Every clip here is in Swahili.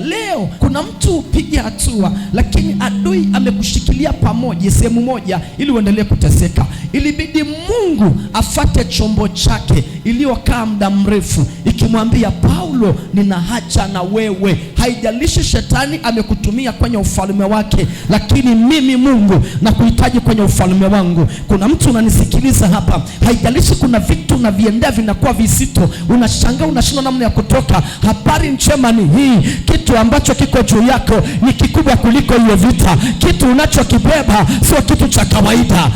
Leo kuna mtu upige hatua, lakini adui amekushikilia pamoja sehemu moja ili uendelee kuteseka. Ilibidi Mungu afate chombo chake iliyokaa muda mrefu, ikimwambia Paulo, nina haja na wewe. Haijalishi shetani amekutumia kwenye ufalme wake, lakini mimi Mungu nakuhitaji kwenye ufalme wangu. Kuna mtu unanisikiliza hapa, haijalishi kuna vitu unaviendea vinakuwa visito unashangaa unashindwa namna ya kutoka. Habari njema ni hii kitu kitu ambacho kiko juu yako ni kikubwa kuliko hiyo vita. Kitu unachokibeba sio kitu cha kawaida.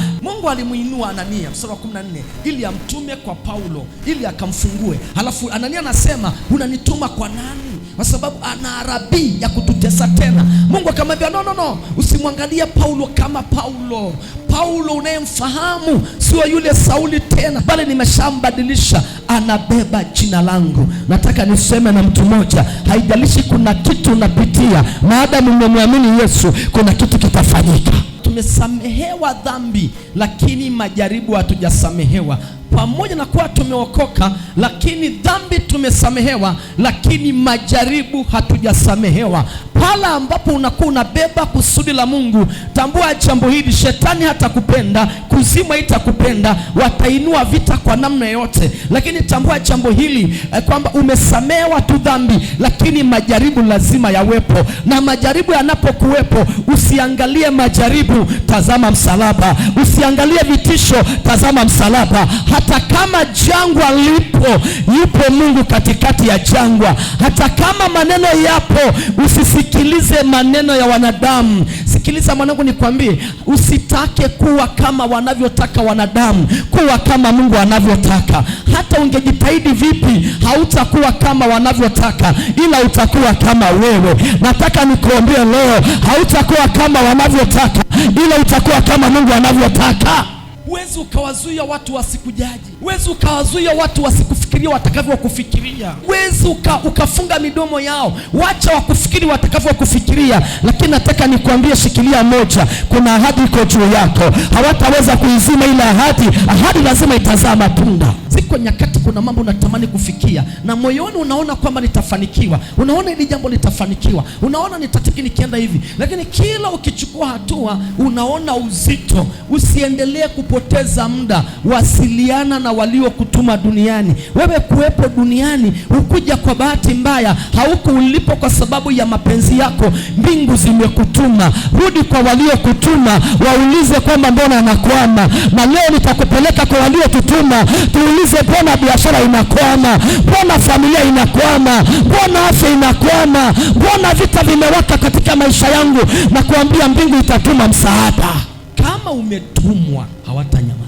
Mungu alimuinua Anania mstari wa 14 ili amtume kwa Paulo ili akamfungue. Halafu Anania anasema unanituma kwa nani? Kwa sababu ana arabi ya kututesa tena. Mungu akamwambia no, no, no, usimwangalie Paulo kama Paulo. Paulo unayemfahamu sio yule Sauli tena, bali nimeshambadilisha, anabeba jina langu. Nataka niseme na mtu mmoja, haijalishi kuna kitu unapitia, maadamu umemwamini Yesu, kuna kitu kitafanyika tumesamehewa dhambi, lakini majaribu hatujasamehewa pamoja na kuwa tumeokoka, lakini dhambi tumesamehewa, lakini majaribu hatujasamehewa. Pale ambapo unakuwa unabeba kusudi la Mungu, tambua jambo hili, shetani hatakupenda, kuzimu haitakupenda, watainua vita kwa namna yote, lakini tambua jambo hili eh, kwamba umesamehewa tu dhambi, lakini majaribu lazima yawepo, na majaribu yanapokuwepo, usiangalie majaribu, tazama msalaba, usiangalie vitisho, tazama msalaba. Hata kama jangwa lipo, yupo Mungu katikati ya jangwa. Hata kama maneno yapo, usisikilize maneno ya wanadamu. Sikiliza mwanangu, nikwambie, usitake kuwa kama wanavyotaka wanadamu, kuwa kama Mungu anavyotaka. Hata ungejitahidi vipi, hautakuwa kama wanavyotaka, ila utakuwa kama wewe. Nataka nikuambie leo, hautakuwa kama wanavyotaka, ila utakuwa kama Mungu anavyotaka huwezi ukawazuia watu wasikujaji, huwezi ukawazuia watu wasikufikia kufikiria watakavyokufikiria, wezi uka, ukafunga midomo yao, wacha wakufikiri watakavyokufikiria. Lakini nataka nikwambie, shikilia moja, kuna ahadi iko juu yako, hawataweza kuizima ile ahadi. Ahadi lazima itazaa matunda. Ziko nyakati, kuna mambo unatamani kufikia na moyoni unaona kwamba nitafanikiwa, unaona hili jambo litafanikiwa, unaona nitatiki nikienda hivi, lakini kila ukichukua hatua unaona uzito. Usiendelee kupoteza muda, wasiliana na waliokutuma duniani wewe kuwepo duniani hukuja kwa bahati mbaya, hauko ulipo kwa sababu ya mapenzi yako. Mbingu zimekutuma. Rudi kwa waliokutuma, waulize kwamba mbona anakwama. Na leo nitakupeleka kwa waliotutuma, tuulize mbona biashara inakwama, mbona familia inakwama, mbona afya inakwama, mbona vita vimewaka katika maisha yangu, na kuambia mbingu itatuma msaada. Kama umetumwa, hawatanyamaza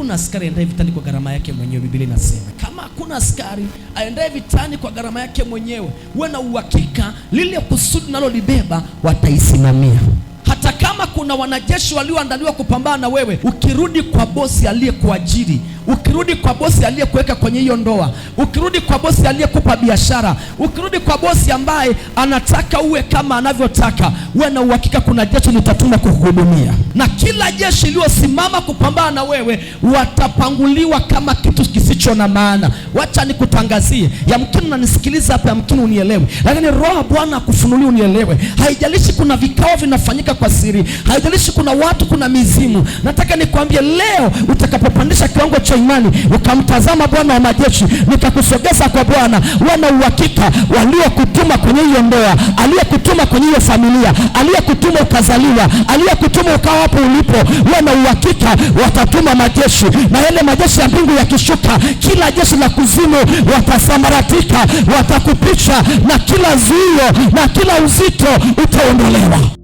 hakuna askari aendaye vitani kwa gharama yake mwenyewe. Biblia inasema kama hakuna askari aendaye vitani kwa gharama yake mwenyewe, uwe na uhakika lile kusudi nalolibeba wataisimamia hata kama kuna wanajeshi walioandaliwa kupambana na wewe, ukirudi kwa bosi aliyekuajiri Ukirudi kwa bosi aliyekuweka kwenye hiyo ndoa, ukirudi kwa bosi aliyekupa biashara, ukirudi kwa bosi ambaye anataka uwe kama anavyotaka, uwe na uhakika kuna jeshi litatuma kukuhudumia, na kila jeshi iliyosimama kupambana na wewe watapanguliwa kama kitu kisicho na maana. Wacha nikutangazie, yamkini unanisikiliza hapa, yamkini unielewe, lakini Roho ya Bwana akufunulie unielewe. Haijalishi kuna vikao vinafanyika kwa siri, haijalishi kuna watu, kuna mizimu, nataka nikwambie leo utakapopandisha kiwango cha imani, ukamtazama Bwana wa majeshi, nikakusogeza kwa Bwana. Wana uhakika waliokutuma kwenye hiyo ndoa, aliyekutuma kwenye hiyo familia, aliyekutuma ukazaliwa, aliyekutuma ukawa hapo ulipo, wana uhakika watatuma majeshi, na yale majeshi ya mbingu yakishuka, kila jeshi la kuzimu watasambaratika, watakupicha, na kila zuio na kila uzito utaondolewa.